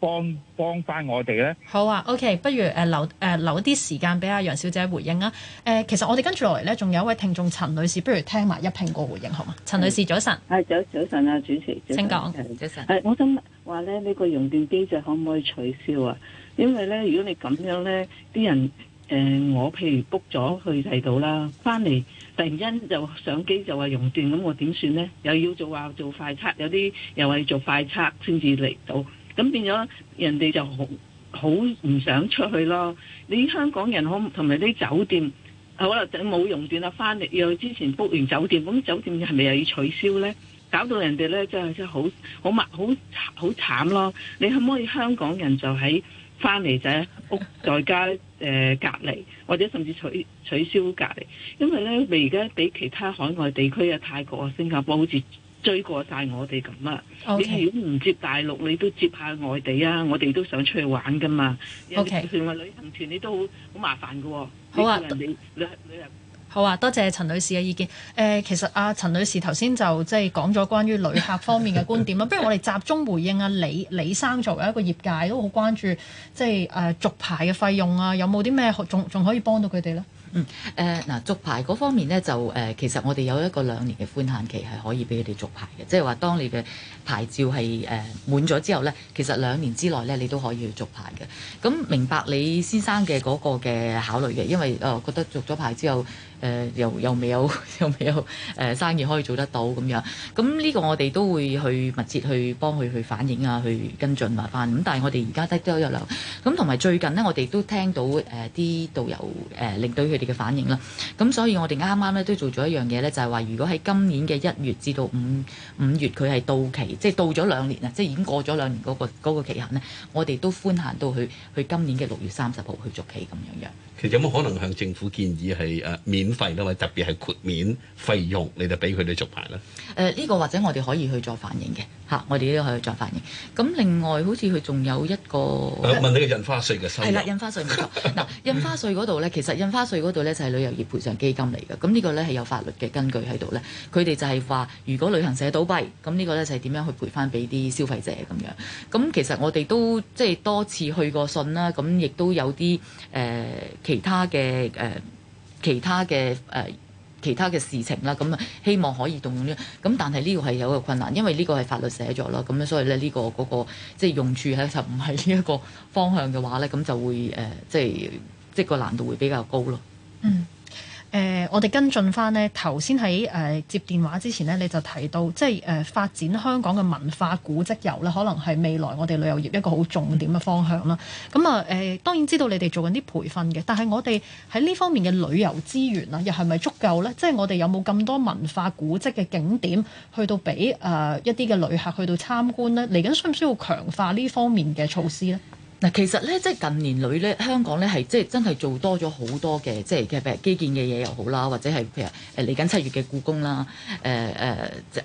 幫幫翻我哋咧？好啊，OK，不如誒、呃、留誒、呃、留啲時間俾阿楊小姐回應啊！誒、呃，其實我哋跟住落嚟咧，仲有一位聽眾陳女士，不如聽埋一拼個回應好嗎？陳女士，早晨，係早早晨啊，主持，請講。早晨，啊、我想話咧，呢、這個熔斷機制可唔可以取消啊？因為咧，如果你咁樣咧，啲人誒、呃，我譬如 book 咗去睇到啦，翻嚟突然間就上機就話熔斷，咁我點算咧？又要做話做快測，有啲又係做快測先至嚟到。咁變咗人哋就好好唔想出去咯。你香港人好同埋啲酒店好啦，就冇用完啊，翻嚟又之前 book 完酒店，咁酒店係咪又要取消咧？搞到人哋咧，真係真係好好麻好好慘咯。你可唔可以香港人就喺翻嚟就喺屋在家誒、呃、隔離，或者甚至取取消隔離？因為咧，你而家比其他海外地區啊，泰國啊、新加坡好似。追過晒我哋咁啊！OK，你如果唔接大陸，你都接下外地啊！我哋都想出去玩噶嘛。OK，旅行團你都好，好麻煩嘅喎。好啊，好啊！多謝陳女士嘅意見。誒、呃，其實阿、啊、陳女士頭先就即係講咗關於旅客方面嘅觀點啦。 不如我哋集中回應啊。李李生作為一個業界都好關注，即係誒、呃、續牌嘅費用啊，有冇啲咩仲仲可以幫到佢哋咧？嗯誒嗱、呃、續牌嗰方面咧就誒、呃、其實我哋有一個兩年嘅寬限期係可以俾佢哋續牌嘅，即係話當你嘅牌照係誒、呃、滿咗之後咧，其實兩年之內咧你都可以去續牌嘅。咁明白你先生嘅嗰個嘅考慮嘅，因為我覺得續咗牌之後，誒、呃、又又未有又未有誒、呃、生意可以做得到咁樣，咁呢個我哋都會去密切去幫佢去反映啊，去跟進埋翻咁。但係我哋而家得都有留，咁同埋最近呢，我哋都聽到誒啲、呃、導遊誒令到佢哋嘅反應啦。咁所以我哋啱啱咧都做咗一樣嘢咧，就係、是、話如果喺今年嘅一月至到五五月佢係到期，即、就、係、是、到咗兩年啊，即、就、係、是、已經過咗兩年嗰、那個嗰、那個、期限咧，我哋都寬限到去去今年嘅六月三十號去續期咁樣樣。其實有冇可能向政府建議係誒免費啦，或者特別係豁免費用，你就俾佢哋續牌咧？誒、呃、呢、呢個或者我哋可以去再反映嘅嚇、啊，我哋都要去再反映。咁另外好似佢仲有一個、啊、問你個印花稅嘅收入係啦，印花稅冇錯嗱 嗯，印花稅嗰度咧，其實印花稅嗰度咧就係旅遊業賠償基金嚟嘅。咁呢個咧係有法律嘅根據喺度咧，佢哋就係話如果旅行社倒閉，咁呢個咧就係點樣去賠翻俾啲消費者咁樣。咁其實我哋都即係多次去過信啦，咁亦都有啲誒。呃其他嘅誒，其他嘅誒，其他嘅事情啦，咁啊，希望可以動用咁，但係呢個係有一個困難，因為呢個係法律寫咗啦，咁樣所以咧呢個嗰個即係用處咧就唔係呢一個方向嘅話咧，咁就會誒，即係即係個難度會比較高咯。嗯。誒、呃，我哋跟進返呢頭先喺誒接電話之前呢，你就提到即係誒、呃、發展香港嘅文化古蹟遊呢，可能係未來我哋旅遊業一個好重點嘅方向啦。咁啊誒，當然知道你哋做緊啲培訓嘅，但係我哋喺呢方面嘅旅遊資源啊，又係咪足夠呢？即、就、係、是、我哋有冇咁多文化古蹟嘅景點去到畀誒、呃、一啲嘅旅客去到參觀呢？嚟緊需唔需要強化呢方面嘅措施呢？嗱，其實咧，即係近年裏咧，香港咧係即係真係做多咗好多嘅，即係譬如基建嘅嘢又好啦，或者係譬如誒嚟緊七月嘅故宮啦，誒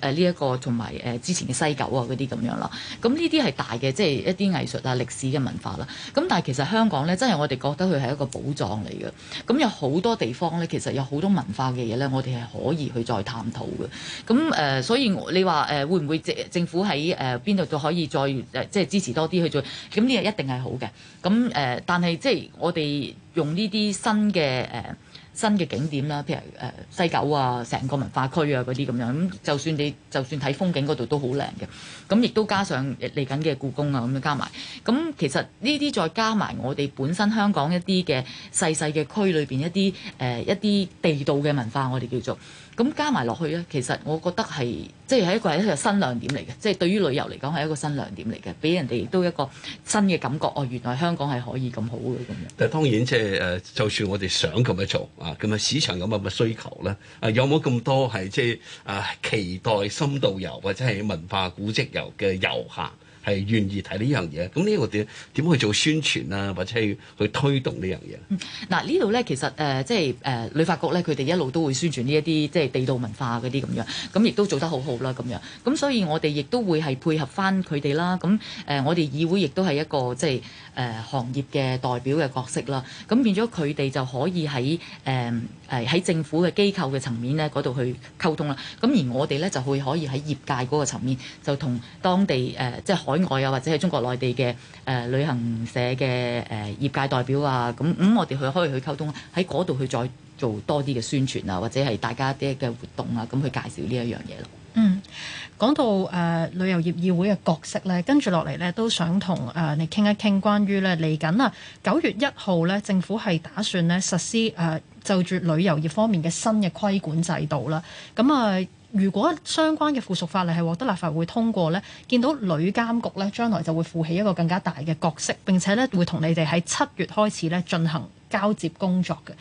誒誒呢一個同埋誒之前嘅西九啊嗰啲咁樣啦，咁呢啲係大嘅，即係一啲藝術啊、歷史嘅文化啦。咁但係其實香港咧，真係我哋覺得佢係一個寶藏嚟嘅。咁有好多地方咧，其實有好多文化嘅嘢咧，我哋係可以去再探討嘅。咁誒，所以你話誒會唔會政府喺誒邊度都可以再即係支持多啲去做？咁呢個一定係。好嘅，咁誒，但係即係我哋。用呢啲新嘅誒、呃、新嘅景點啦，譬如誒、呃、西九啊、成個文化區啊嗰啲咁樣，咁就算你就算睇風景嗰度都好靚嘅，咁亦都加上嚟緊嘅故宮啊咁樣加埋，咁其實呢啲再加埋我哋本身香港一啲嘅細細嘅區裏邊一啲誒、呃、一啲地道嘅文化，我哋叫做咁加埋落去咧，其實我覺得係即係係一個係一個新亮點嚟嘅，即係對於旅遊嚟講係一個新亮點嚟嘅，俾人哋都一個新嘅感覺哦，原來香港係可以咁好嘅咁樣。但係當然誒就算我哋想咁樣做啊，咁樣，市場有乜嘢需求咧？啊，有冇咁多係即係啊，期待深度遊或者係文化古跡遊嘅遊客？係願意睇呢樣嘢，咁呢個點點去做宣傳啊，或者去去推動呢樣嘢？嗱、嗯，呢度呢，其實誒，即係誒旅發局呢，佢哋一路都會宣傳呢一啲即係地道文化嗰啲咁樣，咁亦都做得好好啦咁樣。咁、嗯、所以我哋亦都會係配合翻佢哋啦。咁誒、呃，我哋議會亦都係一個即係誒行業嘅代表嘅角色啦。咁、呃、變咗佢哋就可以喺誒誒喺政府嘅機構嘅層面呢嗰度去溝通啦。咁而我哋呢，就會可以喺業界嗰個層面就同當地誒即係海外啊，或者係中國內地嘅、誒、呃、旅行社嘅、誒、呃、業界代表啊，咁、嗯、咁我哋去可以去溝通喺嗰度去再做多啲嘅宣傳啊，或者係大家啲嘅活動啊，咁、嗯、去介紹呢一樣嘢咯。嗯，講到誒、呃、旅遊業議會嘅角色咧，跟住落嚟咧都想同誒、呃、你傾一傾關於咧嚟緊啊九月一號咧政府係打算咧實施誒、呃、就住旅遊業方面嘅新嘅規管制度啦。咁、嗯、啊。呃如果相關嘅附屬法例係獲得立法會通過咧，見到旅監局咧將來就會負起一個更加大嘅角色，並且咧會同你哋喺七月開始咧進行交接工作嘅，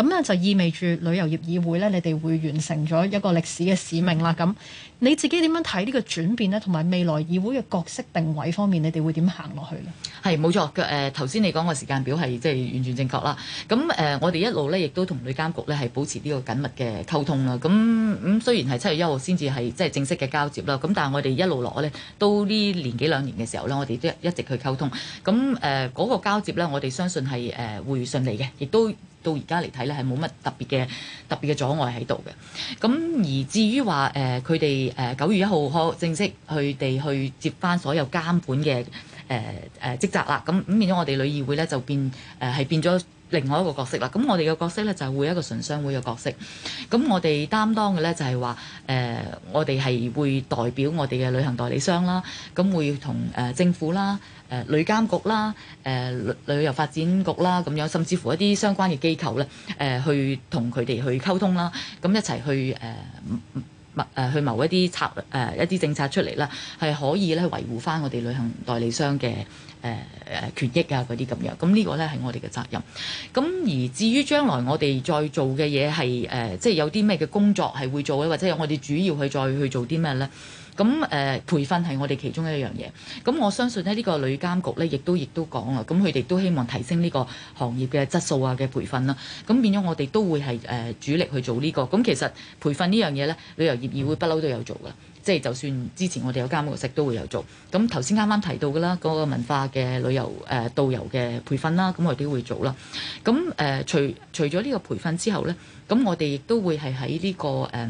咁咧就意味住旅遊業議會咧你哋會完成咗一個歷史嘅使命啦，咁。你自己點樣睇呢個轉變呢？同埋未來議會嘅角色定位方面，你哋會點行落去呢？係冇錯嘅。誒頭先你講個時間表係即係完全正確啦。咁誒、呃，我哋一路呢，亦都同旅監局呢係保持呢個緊密嘅溝通啦。咁咁、嗯、雖然係七月一號先至係即係正式嘅交接啦。咁但係我哋一路落呢，都呢年幾兩年嘅時候呢，我哋都一直去溝通。咁誒嗰個交接呢，我哋相信係誒、呃、會順利嘅，亦都。到而家嚟睇咧，係冇乜特別嘅特別嘅阻礙喺度嘅。咁而至於話誒，佢哋誒九月一號可正式佢哋去接返所有監管嘅誒誒職責啦。咁咁變咗我哋旅議會咧，就變誒係、呃、變咗另外一個角色啦。咁我哋嘅角色咧就係、是、會一個純商會嘅角色。咁我哋擔當嘅咧就係話誒，我哋係會代表我哋嘅旅行代理商啦，咁會同誒、呃、政府啦。誒旅監局啦，誒、呃、旅旅遊發展局啦，咁樣，甚至乎一啲相關嘅機構咧，誒、呃、去同佢哋去溝通啦，咁一齊去誒誒、呃呃、去謀一啲策誒、呃、一啲政策出嚟啦，係可以咧維護返我哋旅行代理商嘅誒誒權益啊嗰啲咁樣，咁呢個咧係我哋嘅責任。咁而至於將來我哋再做嘅嘢係誒，即、呃、係、就是、有啲咩嘅工作係會做咧，或者我哋主要係再去做啲咩咧？咁誒、呃、培訓係我哋其中一樣嘢。咁我相信呢、呢個旅監局呢，亦都亦都講啦。咁佢哋都希望提升呢個行業嘅質素啊嘅培訓啦、啊。咁變咗我哋都會係、呃、主力去做呢、呢個。咁其實培訓呢樣嘢呢，旅遊業議會不嬲都有做噶、嗯。即係就算之前我哋有監局室都會有做。咁頭先啱啱提到噶啦，嗰、嗰個文化嘅旅遊誒、呃、導遊嘅培訓啦、啊，咁我哋都會做啦。咁、呃、除除咗呢個培訓之後呢，咁我哋亦都會係喺呢個、呃、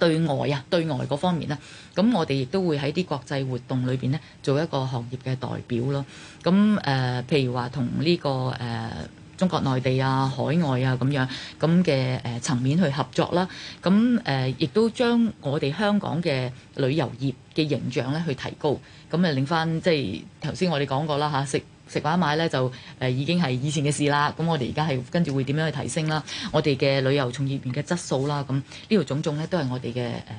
對外啊對外嗰方面呢。咁我哋亦都會喺啲國際活動裏邊咧，做一個行業嘅代表咯。咁誒、呃，譬如話同呢個誒、呃、中國內地啊、海外啊咁樣咁嘅誒層面去合作啦。咁誒，亦、呃、都將我哋香港嘅旅遊業嘅形象咧去提高。咁誒，領返即係頭先我哋講過啦嚇，食食玩買咧就誒、呃、已經係以前嘅事啦。咁我哋而家係跟住會點樣去提升啦？我哋嘅旅遊從業員嘅質素啦，咁呢條種種咧都係我哋嘅誒。呃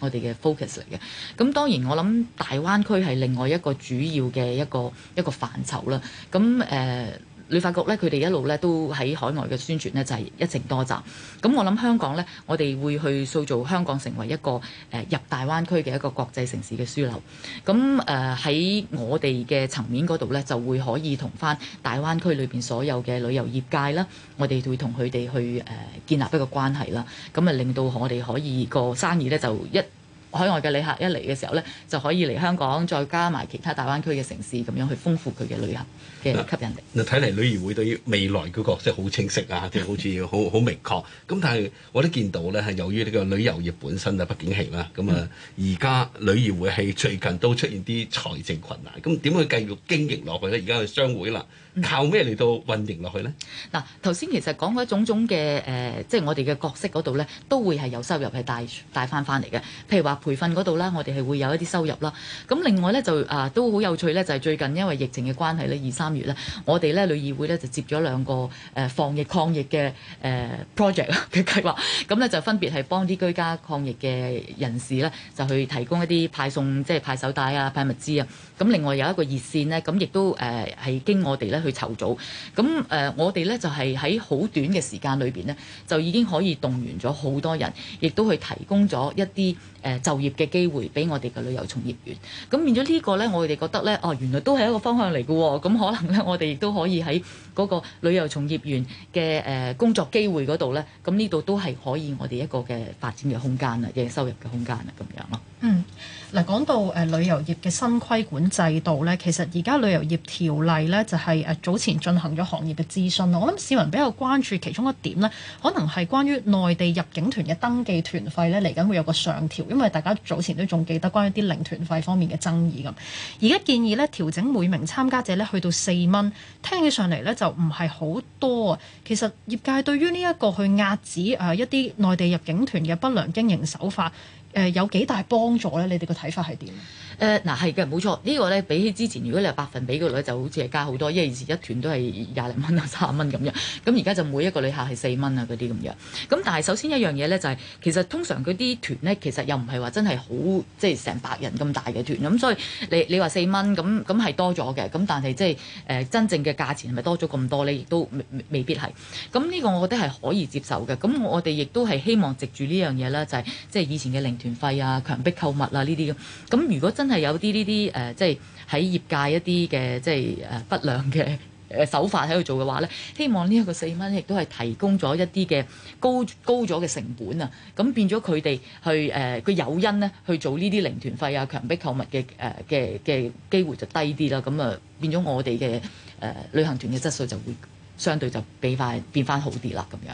我哋嘅 focus 嚟嘅，咁當然我諗大灣區係另外一個主要嘅一個一個範疇啦。咁誒。Uh 旅發局咧，佢哋一路咧都喺海外嘅宣傳呢，就係、是、一程多站。咁我諗香港呢，我哋會去塑造香港成為一個、呃、入大灣區嘅一個國際城市嘅樞紐。咁喺、呃、我哋嘅層面嗰度呢，就會可以同翻大灣區裏面所有嘅旅遊業界啦，我哋會同佢哋去、呃、建立一個關係啦。咁啊，令到我哋可以、個生意呢，就一。海外嘅旅客一嚟嘅時候呢，就可以嚟香港，再加埋其他大灣區嘅城市，咁樣去豐富佢嘅旅行嘅吸引力。嗱，睇嚟旅遊會對於未來嘅角色好清晰啊，即係好似好好明確。咁 但係我都見到呢，係由於呢個旅遊業本身就不景氣啦。咁啊，而家旅遊會係最近都出現啲財政困難。咁點解繼續經營落去呢？而家去商會啦。靠咩嚟到運營落去呢？嗱、嗯，頭先其實講嗰種種嘅誒，即、呃、係、就是、我哋嘅角色嗰度呢，都會係有收入係帶帶翻翻嚟嘅。譬如話培訓嗰度呢，我哋係會有一啲收入啦。咁另外呢，就啊，都好有趣呢，就係最近因為疫情嘅關係2，呢，二三月呢，我哋呢旅議會呢，就接咗兩個誒、呃、防疫抗疫嘅誒、呃、project 啊嘅計劃。咁呢，就分別係幫啲居家抗疫嘅人士呢，就去提供一啲派送，即係派手帶啊、派物資啊。咁另外有一個熱線也、呃、是呢，咁亦都誒係經我哋呢。去籌組，咁誒，我哋呢，就係喺好短嘅時間裏邊呢，就已經可以動員咗好多人，亦都去提供咗一啲誒就業嘅機會俾我哋嘅旅遊從業員。咁變咗呢個呢，我哋覺得呢，哦，原來都係一個方向嚟嘅喎。咁可能呢，我哋亦都可以喺嗰個旅遊從業員嘅誒工作機會嗰度呢，咁呢度都係可以我哋一個嘅發展嘅空間啊，嘅收入嘅空間啊，咁樣咯。嗯，嗱，講到誒旅遊業嘅新規管制度呢，其實而家旅遊業條例呢，就係誒。早前進行咗行業嘅諮詢，我諗市民比較關注其中一點呢，可能係關於內地入境團嘅登記團費呢，嚟緊會有個上調，因為大家早前都仲記得關於啲零團費方面嘅爭議咁。而家建議呢，調整每名參加者呢，去到四蚊，聽起上嚟呢就唔係好多啊。其實業界對於呢一個去壓止誒一啲內地入境團嘅不良經營手法誒，有幾大幫助呢？你哋嘅睇法係點？誒嗱係嘅，冇錯、這個、呢個咧比起之前，如果你係百分比嘅率，就好似係加好多，因為以前一團都係廿零蚊啊、三十蚊咁樣，咁而家就每一個旅客係四蚊啊嗰啲咁樣。咁但係首先一樣嘢咧就係、是，其實通常佢啲團咧其實又唔係話真係好即係成百人咁大嘅團咁，所以你你話四蚊咁咁係多咗嘅，咁但係即係誒真正嘅價錢係咪多咗咁多咧？亦都未，未必係。咁呢個我覺得係可以接受嘅。咁我哋亦都係希望藉住呢樣嘢咧，就係、是、即係以前嘅零團費啊、強迫購物啊呢啲咁。咁如果真的真係有啲呢啲誒，即係喺業界一啲嘅即係誒不良嘅誒手法喺度做嘅話咧，希望呢一個四蚊亦都係提供咗一啲嘅高高咗嘅成本啊，咁變咗佢哋去誒個誘因咧，去做呢啲零團費啊、強迫購物嘅誒嘅嘅機會就低啲啦。咁啊，變咗我哋嘅誒旅行團嘅質素就會相對就比翻變翻好啲啦。咁樣，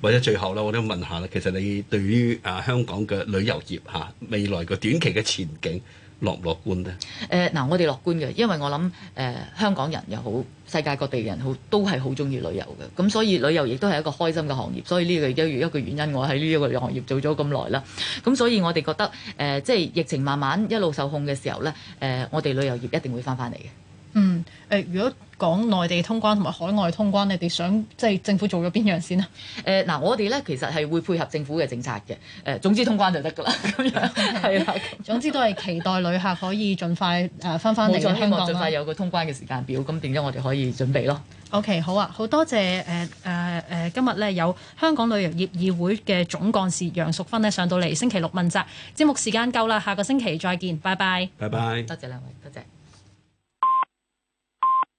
或者最後啦，我都問下啦，其實你對於啊香港嘅旅遊業嚇未來個短期嘅前景？樂唔樂觀咧？誒、呃、嗱，我哋樂觀嘅，因為我諗誒、呃、香港人又好，世界各地人好，都係好中意旅遊嘅。咁所以旅遊亦都係一個開心嘅行業，所以呢個一一個原因，我喺呢一個旅遊行業做咗咁耐啦。咁所以我哋覺得誒、呃，即係疫情慢慢一路受控嘅時候呢，誒、呃、我哋旅遊業一定會翻返嚟嘅。嗯，誒、呃，如果講內地通關同埋海外通關，你哋想即係、就是、政府做咗邊樣先啊？誒、呃，嗱、呃，我哋咧其實係會配合政府嘅政策嘅，誒、呃，總之通關就得㗎啦。係啦， 總之都係期待旅客可以盡快誒翻返嚟香港啦。冇錯，希望盡快有個通關嘅時間表，咁點樣我哋可以準備咯。OK，好啊，好多謝誒誒誒，今日咧有香港旅遊業議會嘅總幹事楊淑芬呢上到嚟，星期六問責節目時間夠啦，下個星期再見，拜拜，拜拜，嗯、多謝兩位，多謝。